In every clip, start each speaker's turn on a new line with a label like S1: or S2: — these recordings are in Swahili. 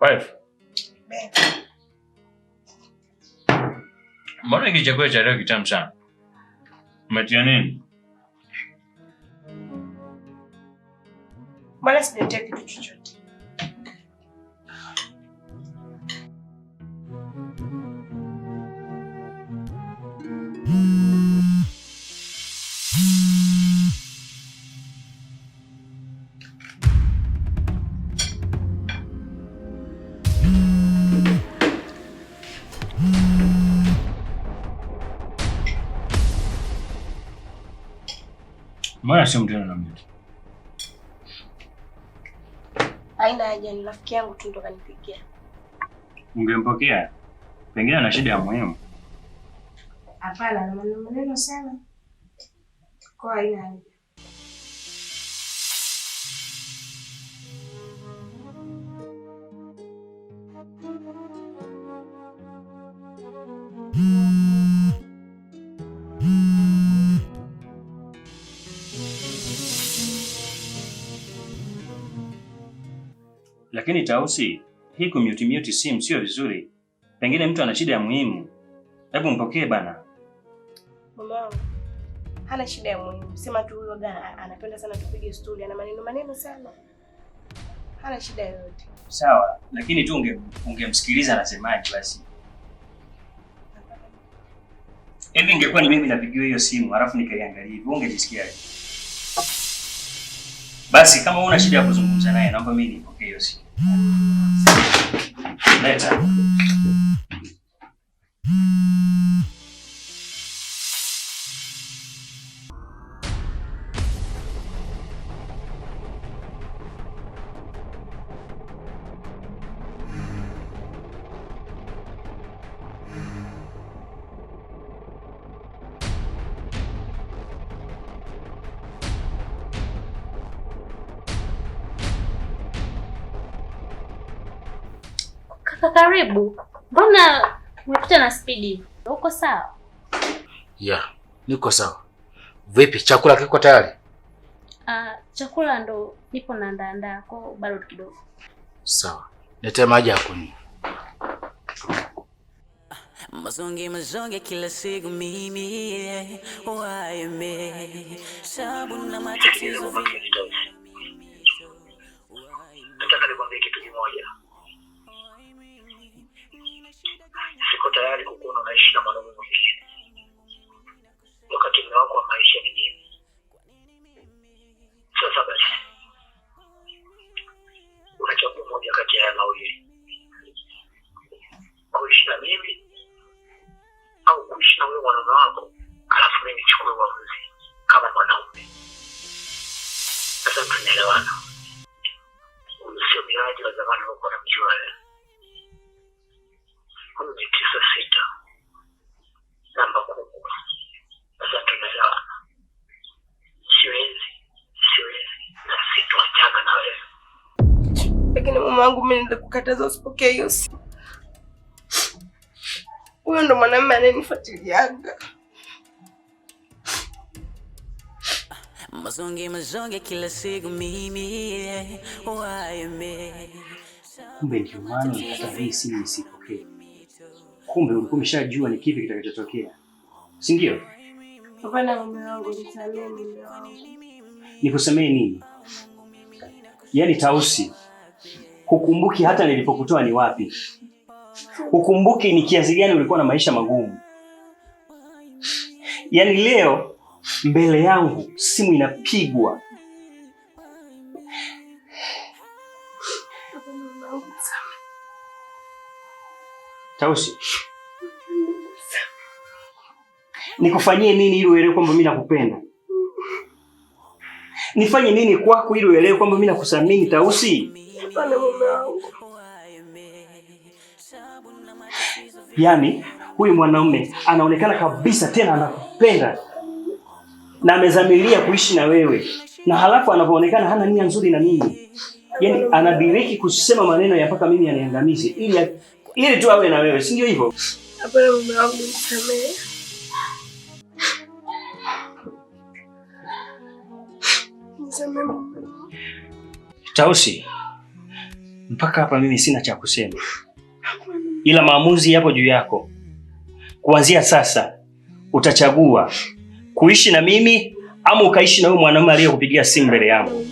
S1: Wife. Mbona hiki chakula cha leo kitamu sana? Umetia nini?
S2: Mbona sijatia kitu chochote.
S1: Mbona sio mtendo na mimi?
S2: Aina haja, ni rafiki yangu tu ndo kanipigia.
S1: Ungempokea? Pengine ana shida ya muhimu.
S2: Hapana, na maneno sana. Kwa aina haja.
S1: Lakini Tausi, hii kumyuti mute simu sio vizuri, pengine mtu ana shida ya muhimu. Hebu mpokee bana.
S2: Mama hana shida ya muhimu, sema tu huyo gana anapenda sana tupige stori, ana maneno maneno sana, hana shida yoyote.
S1: Sawa, lakini tu unge ungemsikiliza anasemaje basi. Hivi ingekuwa ni mimi napigiwa hiyo simu halafu nikaiangalia hivi, ungejisikiaje? Basi kama una shida ya kuzungumza naye, naomba mimi nipokee hiyo simu. 妹子。
S3: karibu. Mbona umepita na spidi? Uko sawa?
S1: Yeah, niko sawa. Vipi, chakula kiko tayari?
S3: Uh, chakula ndo nipo na ndaandaa kwa bado kidogo.
S1: Sawa, nitea maji ya kunywa. Mazonge mazonge kila siku mimi, yeah, why me? Sabu na matatizo vipi? anlayışla bana
S2: wangu mimi nenda nilikukataza usipokee hiyo simu. Huyo ndo mwanamume ananifuatiliaga. Mazonge mazonge
S1: kila siku mimi eh, waeme. Kumbe ndio maana nikakataa hii simu isipokee. Kumbe ulikuwa umeshajua ni kipi kitakachotokea. Si ndio?
S2: Hapana, mume wangu, nisamehe mimi. wangu.
S1: Nikusamehe nini? Yaani Tausi hukumbuki hata nilipokutoa ni wapi, hukumbuki ni kiasi gani ulikuwa na maisha magumu. Yaani leo mbele yangu simu inapigwa, Tausi, nikufanyie nini ili uelewe kwamba mimi nakupenda? Nifanye nini kwako ili uelewe kwamba mimi nakusamini Tausi? Hapana. Yaani huyu mwanaume anaonekana kabisa tena anakupenda na amezamiria kuishi na wewe, na halafu anavyoonekana hana nia nzuri na mimi, yaani anadiriki kusema maneno ya mpaka mimi aniangamize ili ili tu awe na wewe, si ndio hivyo?
S2: Hapana mume wangu, nisamehe.
S1: Tausi, mpaka hapa mimi sina cha kusema ila maamuzi yapo juu yako. Kuanzia sasa utachagua kuishi na mimi ama ukaishi na huyo mwanaume aliyekupigia simu mbele yangu.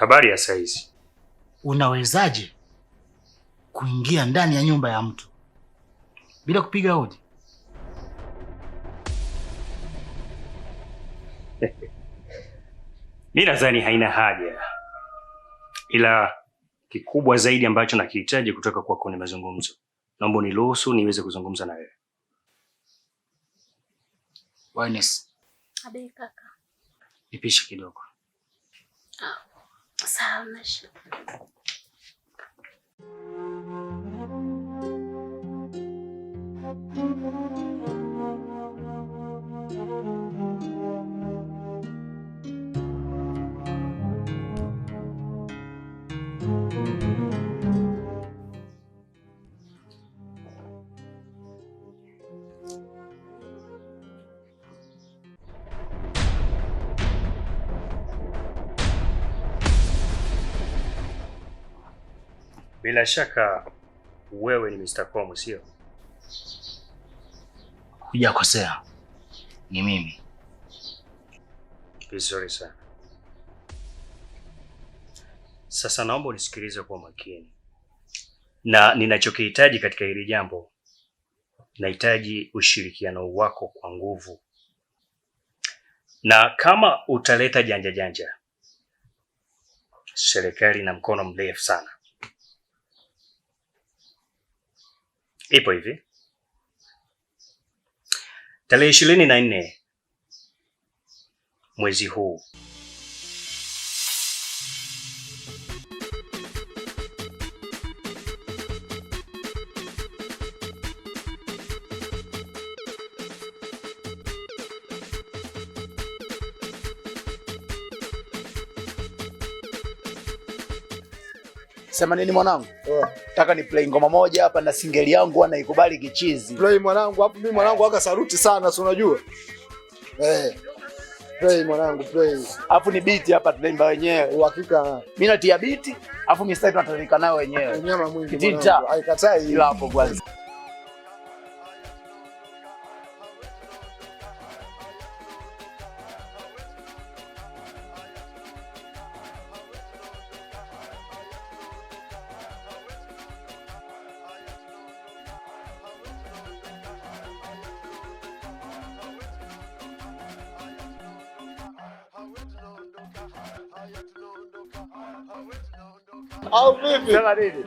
S1: habari ya saizi.
S4: Unawezaje kuingia ndani ya nyumba ya mtu bila kupiga hodi?
S1: Mi nadhani haina haja, ila kikubwa zaidi ambacho nakihitaji kutoka kwako ni mazungumzo. Naomba uniruhusu niweze kuzungumza na wewe. nipishe kidogo.
S3: Ah. Sağ Thank you.
S1: Bila shaka wewe ni Mr. Komu, sio?
S4: Hujakosea, ni mimi.
S1: Vizuri sana. Sasa naomba unisikilize kwa makini, na ninachokihitaji katika hili jambo, nahitaji ushirikiano wako kwa nguvu, na kama utaleta janja janja, serikali na mkono mrefu sana ipo hivi: tarehe ishirini na nne mwezi huu
S4: sema nini mwanangu? Eh. Nataka ni play ngoma moja hapa na singeli yangu anaikubali kichizi.
S5: Play mwanangu, hapo mimi mwanangu aka saruti sana, si unajua?
S4: Eh. Play mwanangu, play.
S5: Alafu ni beat hapa tunaimba wenyewe. Uhakika.
S4: Mimi natia beat, afu mistari tunatarika nayo wenyewe. Nyama mwingi mwanangu. Haikatai. hapo kwanza.
S5: au vipi?
S4: Sema nini?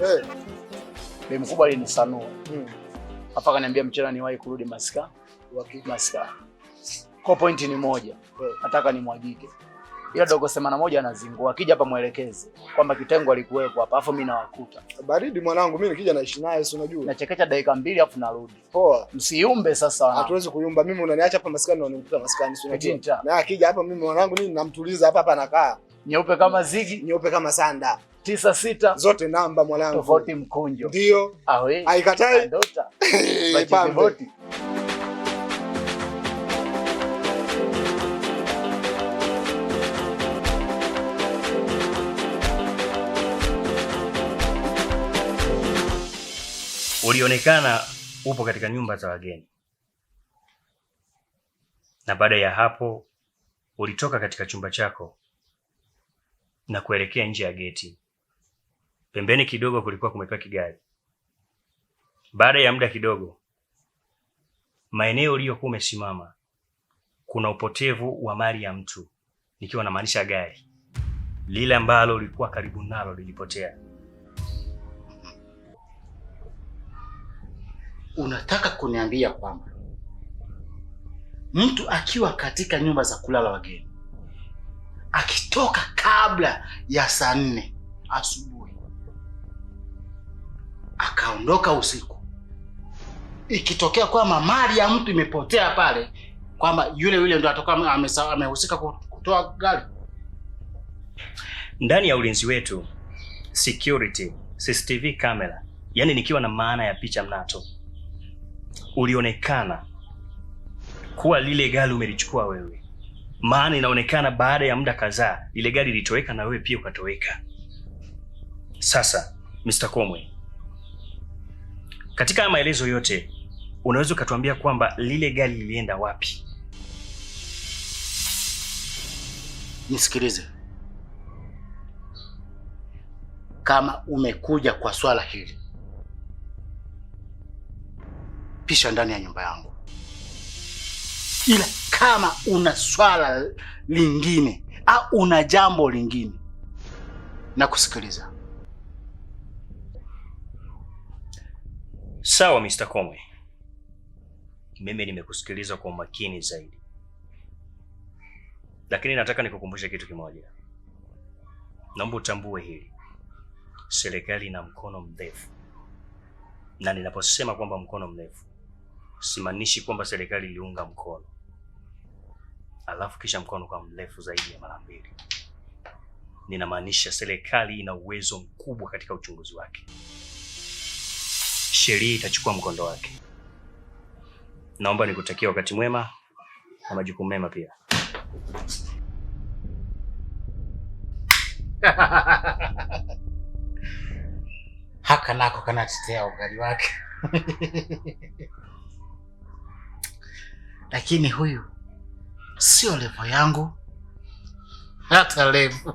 S4: Eh. mkubwa Mm. Hapa kaniambia mchana niwahi kurudi Kwa point ni moja. Eh. Nataka nimwagike. Ila dogo moja anazingua. Akija hapa mwelekeze kwamba kitengo alikuwepo hapa, mimi nawakuta.
S5: Baridi mwanangu, mimi nikija naishi naye, si unajua.
S4: Nachekecha dakika mbili afu narudi. Poa. Msiumbe sasa.
S5: Hatuwezi kuyumba. Mimi unaniacha hapa maskani na unanikuta maskani, si unajua. Na akija hapa mimi mwanangu, nini namtuliza hapa hapa anakaa
S4: nyeupe kama zigi,
S5: nyeupe kama sanda,
S4: tisa sita
S5: zote namba mwanangu,
S4: tofauti mkunjo,
S5: ndio aikatai ndota bati
S1: ulionekana upo katika nyumba za wageni na baada ya hapo ulitoka katika chumba chako na kuelekea nje ya geti. Pembeni kidogo kulikuwa kumekaa kigari. Baada ya muda kidogo, maeneo uliyokuwa umesimama kuna upotevu wa mali ya mtu, nikiwa namaanisha gari lile ambalo ulikuwa karibu nalo lilipotea.
S4: Unataka kuniambia kwamba mtu akiwa katika nyumba za kulala wageni toka kabla ya saa nne asubuhi, akaondoka usiku. Ikitokea kwamba mali ya mtu imepotea pale, kwamba yule yule ndo atoka amehusika kutoa gari.
S1: Ndani ya ulinzi wetu security CCTV camera, yani nikiwa na maana ya picha mnato, ulionekana kuwa lile gari umelichukua wewe maana inaonekana baada ya muda kadhaa ile gari ilitoweka na wewe pia ukatoweka. Sasa Mr. Komwe, katika maelezo yote unaweza ukatuambia kwamba lile gari lilienda wapi?
S4: Nisikilize, kama umekuja kwa swala hili, pisha ndani ya nyumba yangu ila kama una swala lingine au una jambo lingine na kusikiliza.
S1: Sawa, Mr. Komwe, mimi nimekusikiliza kwa umakini zaidi, lakini nataka nikukumbushe kitu kimoja. Naomba utambue hili, serikali ina mkono mrefu, na ninaposema kwamba mkono mrefu, simaanishi kwamba serikali iliunga mkono alafu kisha mkono kwa mrefu zaidi ya mara mbili. Ninamaanisha serikali ina uwezo mkubwa katika uchunguzi wake. Sheria itachukua mkondo wake. Naomba nikutakia wakati mwema na majukumu mema pia.
S4: Haka nako kanatetea ugali wake. Lakini huyu sio levo yangu hata levo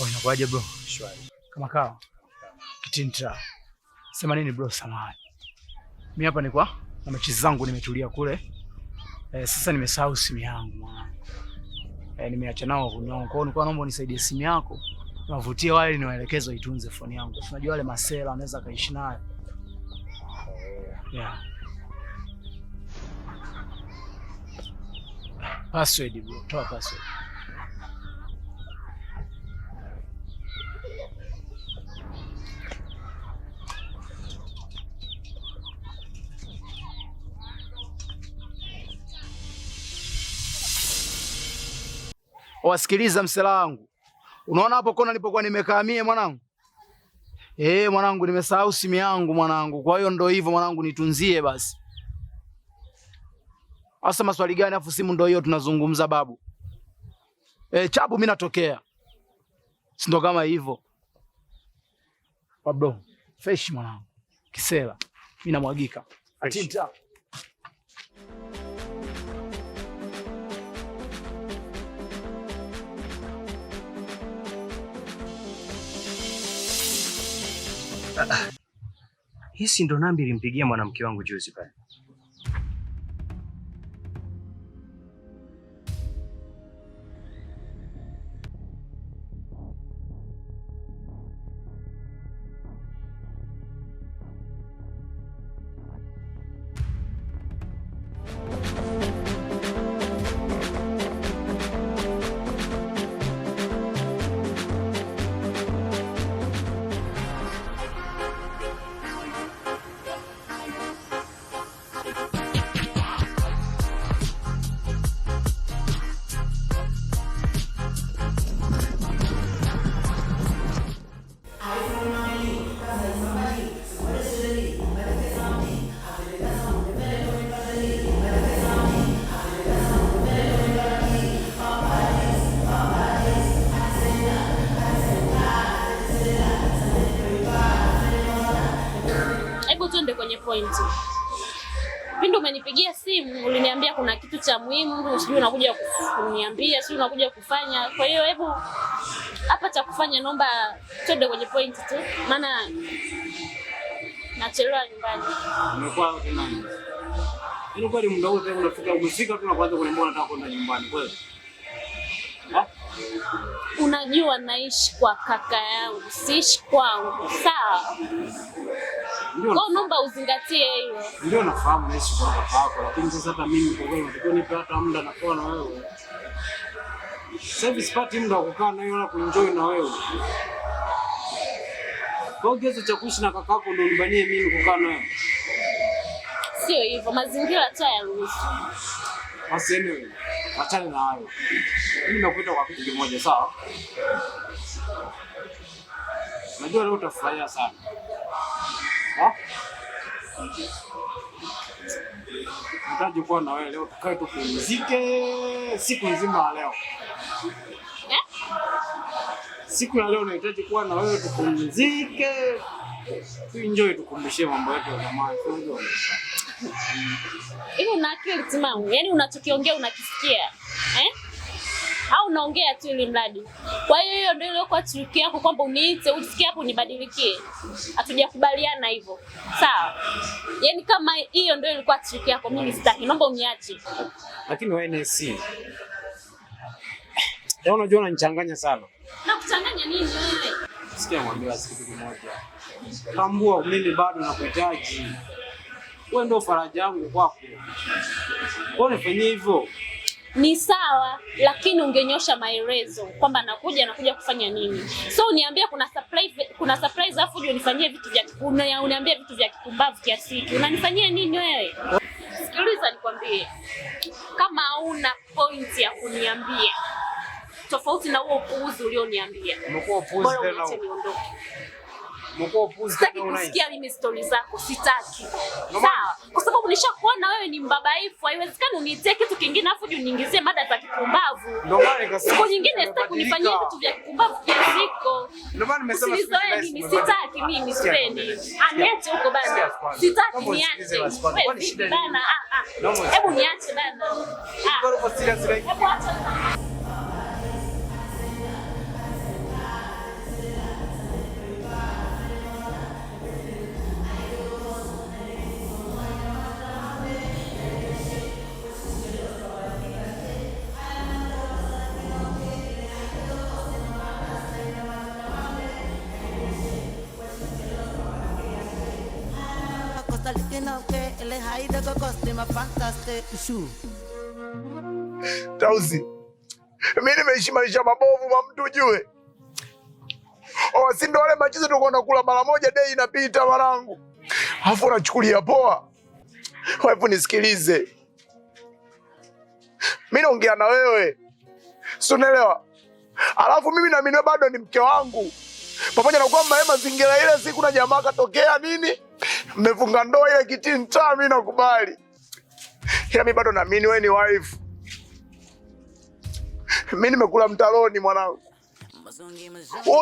S6: oh, Inakuaje bro? Shwari. Kama kawa. Kitinta. Sema nini bro, samahani. Mimi hapa ni kwa na mechi zangu nimetulia kule. Eh, sasa nimesahau simu yangu mwanangu eh, nimeacha nao kuniona. Kwa hiyo nilikuwa naomba unisaidie simu yako, Nawavutia wale niwaelekeze waitunze foni yangu. Unajua wale masela anaweza kaishi nayo. Yeah. Password bro, toa password. Wasikiliza msela wangu. Unaona hapo kona nilipokuwa nimekaamia mwanangu? Eh, mwanangu nimesahau simu yangu mwanangu. Kwa hiyo ndo hivyo mwanangu nitunzie basi. Asa maswali gani afu simu ndo hiyo tunazungumza babu. Eh, chabu mimi natokea. Si ndo kama hivyo. Pablo, fresh mwanangu. Kisela. Mimi namwagika. Atinta.
S1: Hisi ndo nambi ilimpigia mwanamke wangu juzi pale.
S7: cha muhimu, sijui unakuja kuniambia, sijui unakuja kufanya. Kwa hiyo hebu hapa cha kufanya, naomba twende kwenye point tu, maana nachelewa nyumbani.
S5: nani? Kweli muda wote unafika umefika tu na kwanza kuna mbona nataka kwenda nyumbani kweli?
S7: Eh? Unajua naishi kwa kaka yangu, siishi kwangu, sawa? Kwa naomba uzingatie hilo.
S5: Ndio nafahamu naishi kwa baba yako, lakini sasa hata mimi kwa kweli ndio nipe hata muda na kwa na wewe. Sasa hivi sipati muda wa kukaa na wewe na kuenjoy na wewe. Kwa hiyo cha kuishi na kakako ndio nibanie mimi kukaa na wewe.
S7: Sio hivyo, mazingira tu hayaruhusu.
S5: Basi anyway, achana na hayo. Mimi nakuita kwa kitu kimoja sawa? Najua leo utafurahia sana. Nitaji kuwa na wewe leo tukae tupumzike siku nzima ya leo. Eh? Siku ya leo nahitaji kuwa na wewe tupumzike. Tuenjoy tukumbushe mambo yetu ya zamani.
S7: Hivi una akili timamu? Yaani unachokiongea unakisikia? au naongea tu ili mradi. Kwa hiyo hiyo ndio iliyokuwa trick yako kwamba uniite usikie hapo unibadilikie. Hatujakubaliana hivyo. Sawa. Yaani kama hiyo ndio ilikuwa trick yako, mimi sitaki. Naomba uniache.
S5: Lakini wewe ni si. Yaani Leo unajua unanichanganya sana.
S7: Na kuchanganya nini wewe?
S5: Sikia mwambie kitu kimoja. Tambua mimi bado nakuhitaji. Wewe ndio faraja yangu kwako. Kwa nini nifanyie hivyo
S7: ni sawa, lakini ungenyosha maelezo kwamba nakuja nakuja kufanya nini. So uniambia kuna surprise, kuna surprise afu unifanyie vitu vya uniambia vitu vya kipumbavu kiasi hiki, unanifanyia nini wewe? Sikiliza nikwambie, kama hauna point ya kuniambia tofauti na huo upuuzi ulioniambia,
S5: umekuwa upuuzi
S7: tena, niondoke.
S5: Sitaki
S7: kusikia mimi stori zako, sitaki. Sawa, kwa sababu nishakuona wewe ni mbabaifu, haiwezekani uniitie kitu kingine afu uniingizie mada za kipumbavu. Siku nyingine sitaki unifanyie vitu vya kipumbavu kiasiko. Usinizoee mimi, sitaki mimi, sipendi. Aniache ah, huko bana, sitaki ah, ah. niache. Bana, hebu niache bana.
S5: Anga looking okay, ile high that go cost him fantastic shoe. Tausi. Mimi nimeishi maisha mabovu mwa mtu ujue. Oh, si ndo wale machizi tulikuwa tunakula mara moja day inapita mwanangu. Alafu unachukulia poa. Oh, hebu nisikilize. naongea na wewe. Si unaelewa? Alafu mimi na bado ni mke wangu. Pamoja na kwamba mazingira ile siku na jamaa katokea nini? mmefunga ndoa ile kitini taa, mimi nakubali, ila mimi bado naamini wewe ni wife. Mimi nimekula mtaloni mwanangu,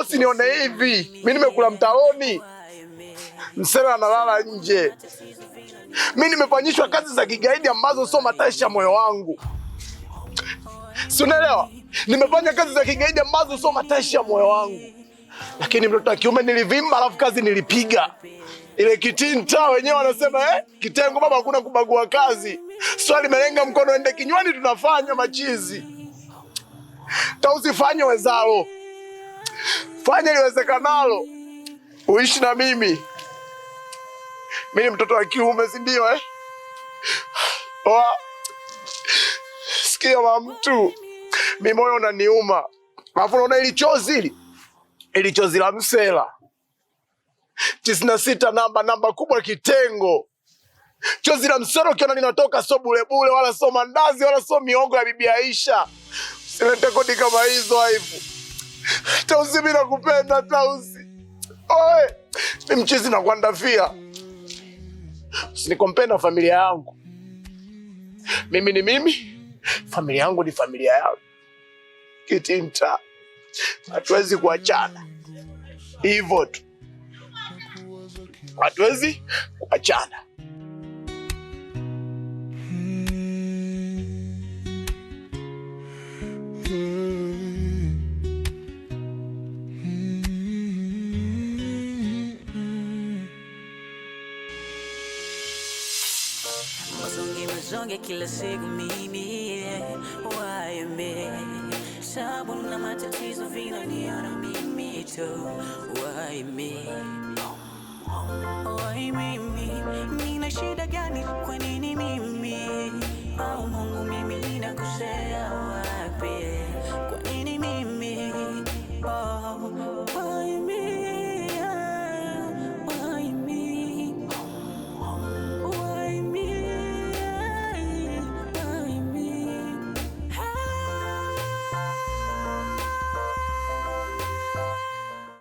S5: usinione hivi, Mimi nimekula mtaloni. Msela analala nje, Mimi nimefanyishwa kazi za kigaidi ambazo sio matashi ya moyo wangu, si unaelewa? Nimefanya kazi za kigaidi ambazo sio matashi ya moyo wangu, lakini mtoto wa kiume nilivimba, alafu kazi nilipiga ile kitinta wenyewe wanasema eh, kitengo baba, hakuna kubagua kazi. Swali melenga mkono ende kinywani, tunafanya machizi tausifanye wezao, fanya liwezekanalo uishi na mimi. Mi ni mtoto wa kiume, si ndio eh? Oh, sikia wa mtu, mi moyo unaniuma, alafu unaona ili chozi ili chozi la msela tisini na sita namba namba kubwa kitengo chozi la msoro ukiona linatoka so bulebule wala so mandazi wala so miongo ya bibi Aisha. Usilete kodi kama hizo waifu. Tausi, mimi nakupenda Tausi. Oe, ni mchizi na kwanda fia. na familia yangu. Mimi ni mimi, familia yangu ni familia yangu. Kitinta, hatuwezi kuachana hivyo tu hatuwezi kuachana. Mazonge mazonge kila siku mimi waeme sabu na matatizo vinaniara mimi tu waeme Wai mimi nina shida gani? Kwa nini mimi? Au Mungu mimi